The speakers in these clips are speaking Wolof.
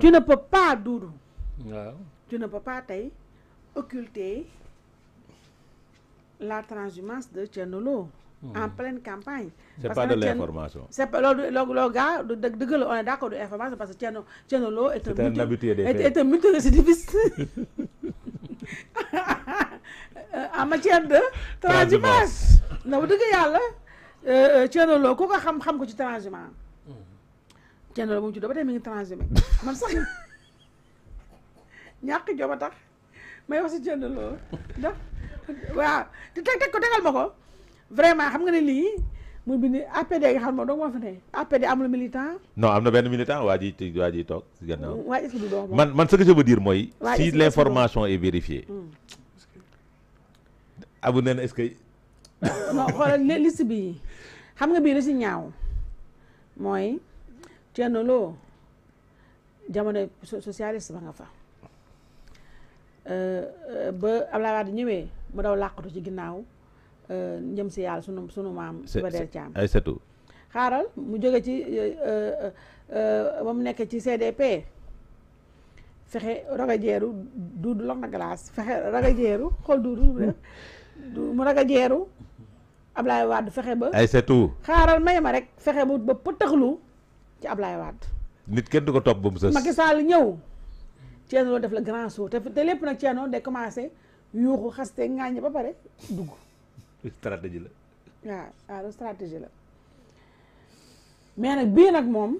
tu ne peux pas Doudou, tu ne peux pas tey occulter la transhumance de Thierno hmm. en pleine campagne. c'est pas de l'information. c'est pas loolu loolu gars on est d'accord de information parce que Thierno est un. habitué des faits est un multirécidiviste en matière de. transhumance na bu dëgg yàlla euh, euh, Thierno Lo ku ko xam-xam ko ci transhumance. kenn la moom juddoo ba tey mi ngi transhumé man sax ñàkk jom a tax may wax si jënd loolu waaw te teg ko tegal ma ko vraiment xam nga ne lii muy bind APD nga xam ne moom dong moo fi ne APD amul militant. non am na benn militant waa ji waa ji toog si gannaaw. waaye est-ce que du doon man man ce que je veux mooy. si l'information est vérifiée. Hmm. abu nee na est-ce que. non xoolal liste bii xam nga bii la si ñaaw mooy. Thierno Lo jamono socialiste ba nga fa euh, euh, ba Abdoulaye Wade ñëwee mu daw làqatu ci ginnaaw njëm euh, si yàlla sunu sunu maam. Iba Der Thiam ay setu xaaral mu jóge ci ba mu nekk ci CDP fexe ragajeeru duudu lox na glace fexe ragajeeru xool duudu mu ragajeeru Abdoulaye Wade fexe ba. ay setu xaaral may ma rek fexe ba ba pëtaxlu. ci Ablaye wad nit kenn du top topp ba mu sës. Macky Sall ñëw Thierno Lo def la grand saut te te lépp nag Thierno de commencé yuuxu xaste ngañ ba pare dugg. stratégie la. wa tukul, loolu stratégie la mais nak bi nak mom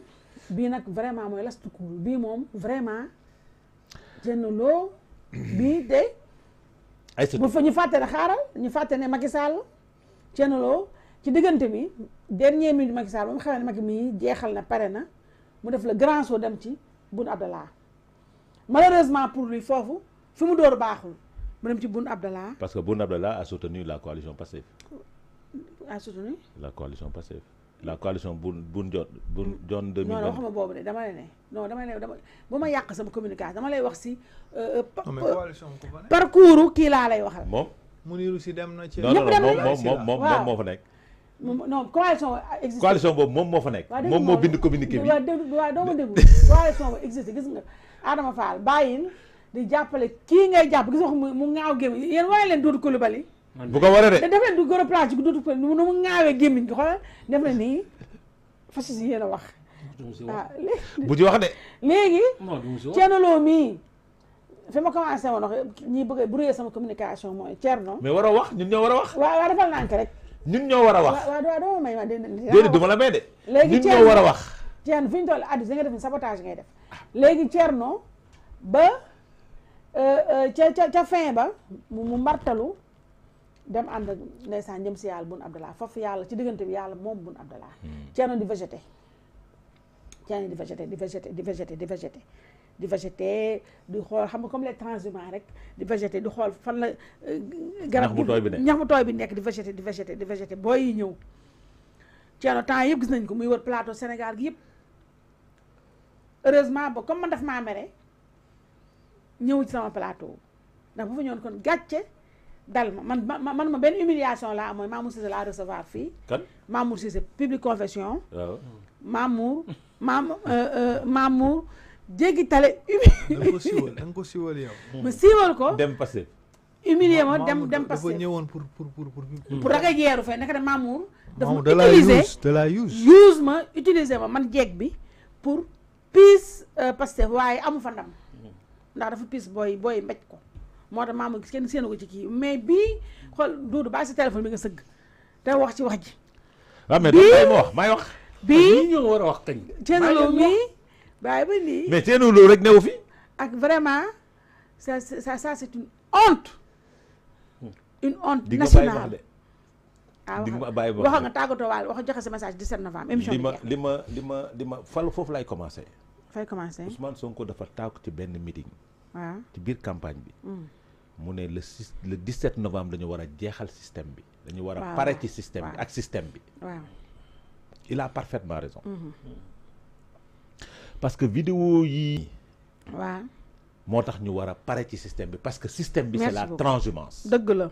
bi nak vraiment moy last cool bi mom vraiment Lo bi de. ay bu fa ñu faté ne xaaral ñu faté né Lo ci digënté bi. dernier minute je Sall na grand saut dem Boun Abdallah malheureusement pour lui mu dem Boun Abdallah. parce que Boun Abdallah a soutenu la coalition passive. a soutenu. la coalition passive. la coalition Boun Boun John Boun hmm. non non dama ne non dama ne dama communication dama lay wax si. Euh, euh, parcours qui la lay dem na ci. non, non, non coalition existe coalition boobu moom moo fa nekk. moom moo bind communiqué bi waaw dégg waaw doo ma coalition boobu existe gis nga Adama Fall bàyyil di jàppale kii ngay jàpp gis nga mu ŋaaw gémmiñ yéen leen Doudou ko waree de te def leen du goro place bi Doudou Coulibaly nu mu ŋaawee gémmiñ gi xoolal def na nii fas yéen a wax. bu ci wax de. léegi. Thierno Lo mii. fi ma commencé woon wax ñi bëgg a brouillé sama communication mooy Thierno. mais war a wax ñun ñoo war wax. waa waaw defal naa ko rek. ñun ñoo war a wax waaw waaw doo may ma déedéet du ma la may de. léegi ñun ñoo war a wax. Thierno fi ñu toll addis da nga def sabotage ngay def léegi Thierno ba euh, euh, ca ca ca fin ba mu martalu dem ànd ak ndeysaan jëm si yàlla bun Abdallah foofu yàlla ci diggante bi yàlla moom bun Abdallah hmm. Thierno di végété Thierno di végété di végété di végété di végété di végété di xool xam nga comme les transhumants rek di végété di xool fan la. Euh, garab De bi di végété di végété di végété boy yi ñëw. temps gis nañ ko muy wër plateau Sénégal gi yëpp heureusement ba comme man daf maa mere ñëw ci sama plateau ndax fa ñëwoon kon gàcce dal ma man man ma humiliation la Mamour Cissé la recevoir fii. kan Mamour public confession. Mamour. Euh, euh, Mamour Mamour. jéggi tale. da ko siiwal da ko siiwal yow. ma siiwal ko dem passé. humilier ma dem dem passé dafa ñëwoon pour pour pour pour. pour rek a yeeru fay naka de la use use ma utiliser ma man jeeg bi pour piis euh, Pastef waaye amu fa ndax dafa piis booy booy mbéj ko moo tax Mamour gis kenn séenu ko ci kii mais bii xool Doudou bàyyi si téléphone bi nga sëgg te wax ci wax ji. bii ah, waaw mais dama wax may wax. bii ñu war a wax kañ. Thiel mi. bàyyi ba lii mais teenu loolu rek newu ak vraiment ça ça ça c'est une honte hmm. une honte nationale ah wax nga tàggatoo waal wax joxe sa message 17 novembre émission bi li ma li ma li ma fal foofu laay commencé fay commencé Ousmane Sonko dafa tàggu ci benn meeting waaw ah. ci biir campagne bi hmm. mu le 17 novembre dañu war a jeexal système bi dañu war a ci système bi ak système bi waaw il a parfaitement raison hmm parce que vidéo yi waaw moo ñu wara paré ci système bi parce que système bi c'est la transhumance deug la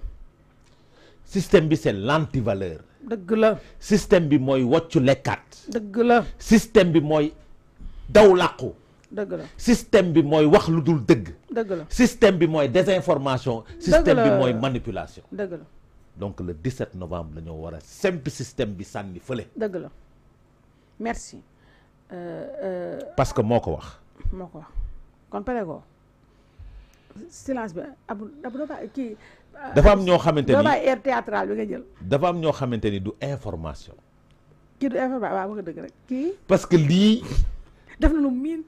système bi c'est l'antivaleur deug la système bi moy waccu lekkaat deug la système bi moy daw làqu D'accord. la système bi moy wax lu dul deug deug la système bi moy désinformation système bi moy manipulation deug la donc le 17 novembre la wara simple système bi sanni feulé deug la merci parce que moo ko wax. moo ko wax kon pare ko silence bi abu abu kii. Euh, dafa am ñoo xamante ni doo bàyyi air théâtral jël. dafa am ñoo xamante ni du information. kii du information waaw nga dëgg rek kii. parce que lii. def na lu miin.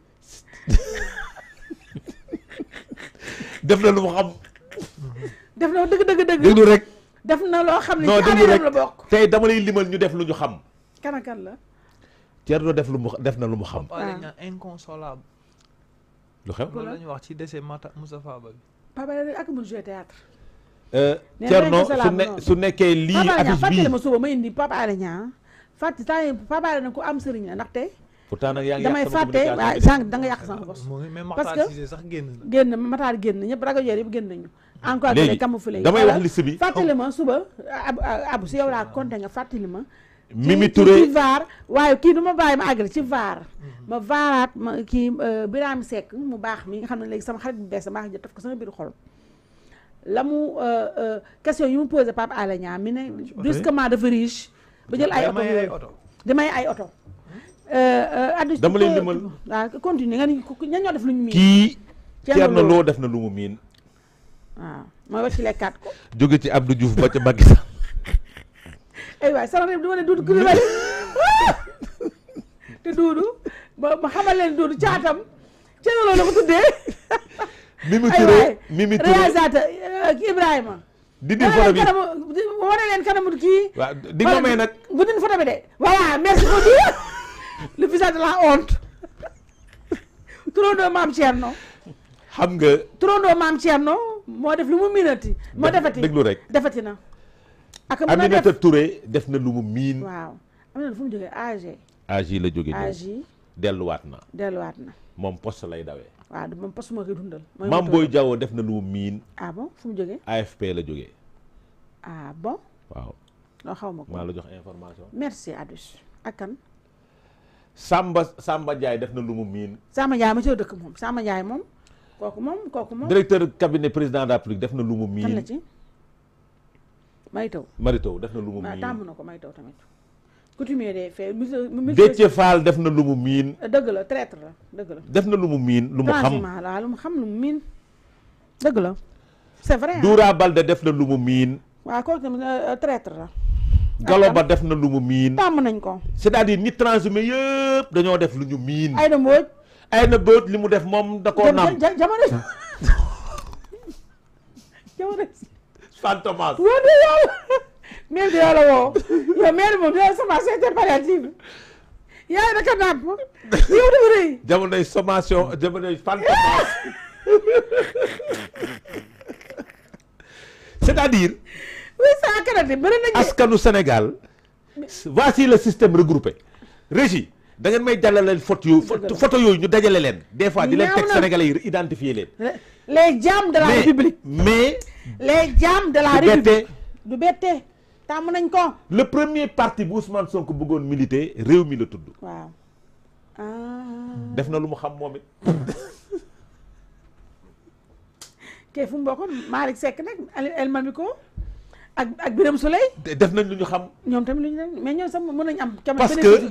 def na lu mu xam. def na dëgg dëgg dëgg. déglu rek. def na loo xam ne ci la bokk. tey dama lay limal ñu def lu ñu xam. kan la. Thierno def lu mu def na lu mu xam. Ah. inconsolable. lu xew loolu la ñuy wax ci décès Mata Moussa Faba bi. Papa ak mu joué théâtre. Euh, Thierno su nekkee lii. affiche bii fàttali ma suba indi Papa Alé Niang fàttali saa yi Papa Alé Niang ku am sëriñ la ndaxte. pourtant nag yaa ngi damay fàtte waaye sànq da nga yàq sama bos. parce que sax génn na. génn Matar génn ñëpp rajo yooyu yëpp génn nañu. Ah, encore que les camouflés yi damay wax liste bi fàttali ma suba ab abu si yow laa compté nga fàttali ma. Mimi Touré vaar waaye kii du ma bàyyi ma àggali ci vaar ma vaaraat ma kii euh, Birame Seck mu baax mi nga xam ne léegi sama xarit bu bees maa ngi jot daf ko sama biir xol mu euh, euh, question yi mu posé mi ne ah, brusquement dafa riche ba jël ay oto di may ay oto addu dama leen limal waaw continue nga ni ñan ñoo def lu ñu miin kii Thierno Lo def na lu miin waaw ah, mooy wacci lekkaat ko jóge ci Abdou Diouf ba ca Macky ay waay sama réew dama ne duudu Coulibaly te duudu ba ma xamal leen duudu caatam ca loolu la ko tuddee. Mimi Touré Mimi Touré réalisateur euh, ki Ibrahima. dindi photo bi wane leen di nga may bi de voilà merci beaucoup. le visage de la honte. turandoo maam Thierno. xam nga. turandoo maam Thierno moo def lu mu minati. moo defati déglu rek defati na. ak ah, mën Aminata Touré def na lu mu miin. waaw Aminata fu mu jógee AG. AG la jógee ñëw AG. delluwaat na delluwaat na. poste lay dawe waaw mom poste mo koy dundal. mam boy Boye Diao def na lu mu miin. ah bon fu mu jógee. AFP la jógee. ah bon. waaw. loo xawma ko maa la jox information. merci Adus ak kan. Samba Samba Ndiaye def na lu mu miin. Samba Ndiaye ma ci dëkk mom Samba Ndiaye mom kooku mom kooku mom directeur cabinet président de la République def na lu mu miin. kan la ci. may taw mari def na lu mu miin na ko may taw tamit coutumier def na lu mu miin dëgg la traître la dëgg la def na lu mu miin lu mu xam la lu mu xam lu mu miin la c'est vrai Doura Balde def na lu mu miin waaw euh, euh, ba ah, def na lu mu miin tàmm nañ ko c'est-à-dire ñi transhumé yëpp dañoo def lu ñu miin ay na mbóoj ay na bët li mu def moom da koo nam jamono Saint Thomas. wóor na yàlla. mère bi yow la woo yow mère moom yow sommation interprétative yaa ngi naka nàmp yow dafa rëy. jamonoy sommation jamonoy Saint Thomas. c'est-à-dire. oui ça a bëri nañu. askanu Sénégal. voici le système regroupé régie. da ngeen may jàllaleel photo yooyu photo yooyu ñu dajale len des fois di leen teg sénégalais yi identifier leen les jàmm de la république mais les jàmm de la république du bété tam nañ ko le premier parti bu Ousmane Sonko bëggoon militer réew mi la tudd waaw ah. def na lu mu xam momit it kay fu mu bokkoon Malick Seck nag El Mamiko ak ak biram Souleye def nañ lu ñu xam ñom tam lu ñu mais ñom sax mënañ am parce que